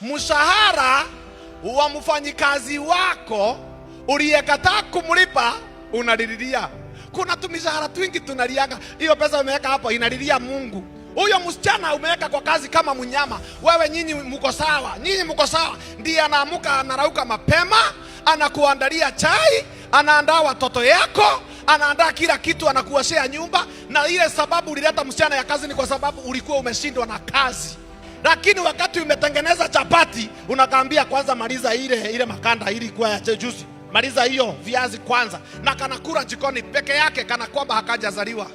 mshahara wa mfanyikazi wako uliyekataa kumlipa unalilia. Kuna tumishahara twingi tunaliaga, hiyo pesa umeweka hapo inalilia Mungu. Huyo msichana umeweka kwa kazi kama mnyama, wewe nyinyi mko sawa, nyinyi mko sawa. Ndiye anaamka anarauka mapema, anakuandalia chai, anaandaa watoto yako anaandaa kila kitu, anakuoshea nyumba. Na ile sababu ulileta msichana ya kazi ni kwa sababu ulikuwa umeshindwa na kazi, lakini wakati ume viazi unakaambia kwanza maliza ile ile makanda ili kuwa ya juzi maliza hiyo viazi kwanza, na kanakula jikoni peke yake, kana kwamba hakajazaliwa,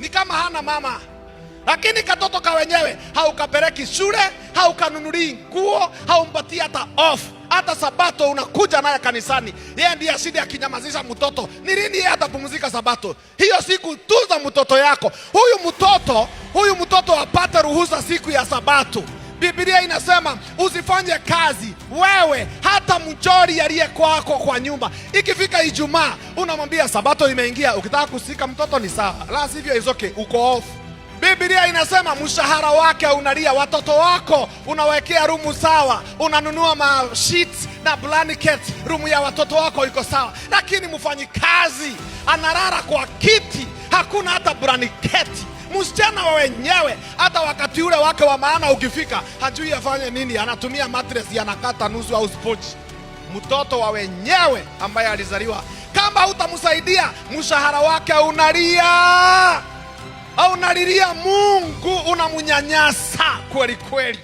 ni kama hana mama. Lakini katoto ka wenyewe haukapeleki shule, haukanunulii nguo, haumpatii hata off, hata sabato unakuja naye kanisani. Yeye ndiye asidi akinyamazisha mtoto, ni lini yeye atapumzika sabato? Hiyo siku tuza mtoto yako. Huyu mtoto huyu mtoto apate ruhusa siku ya sabato. Biblia inasema usifanye kazi wewe hata mchori aliye kwako kwa nyumba. Ikifika Ijumaa unamwambia sabato imeingia, ukitaka kusika mtoto ni sawa, la sivyo is okay, uko off. Biblia inasema mshahara wake unalia, watoto wako unawekea rumu sawa, unanunua sheets na blanket, rumu ya watoto wako iko sawa, lakini mfanyikazi analala kwa kiti, hakuna hata blanketi msichana wa wenyewe, hata wakati ule wake wa maana ukifika, hajui afanye nini, anatumia matres, anakata nusu au spochi. Mtoto wa wenyewe ambaye alizaliwa, kama utamsaidia mshahara wake unalia au unalilia Mungu, unamunyanyasa kweli kweli.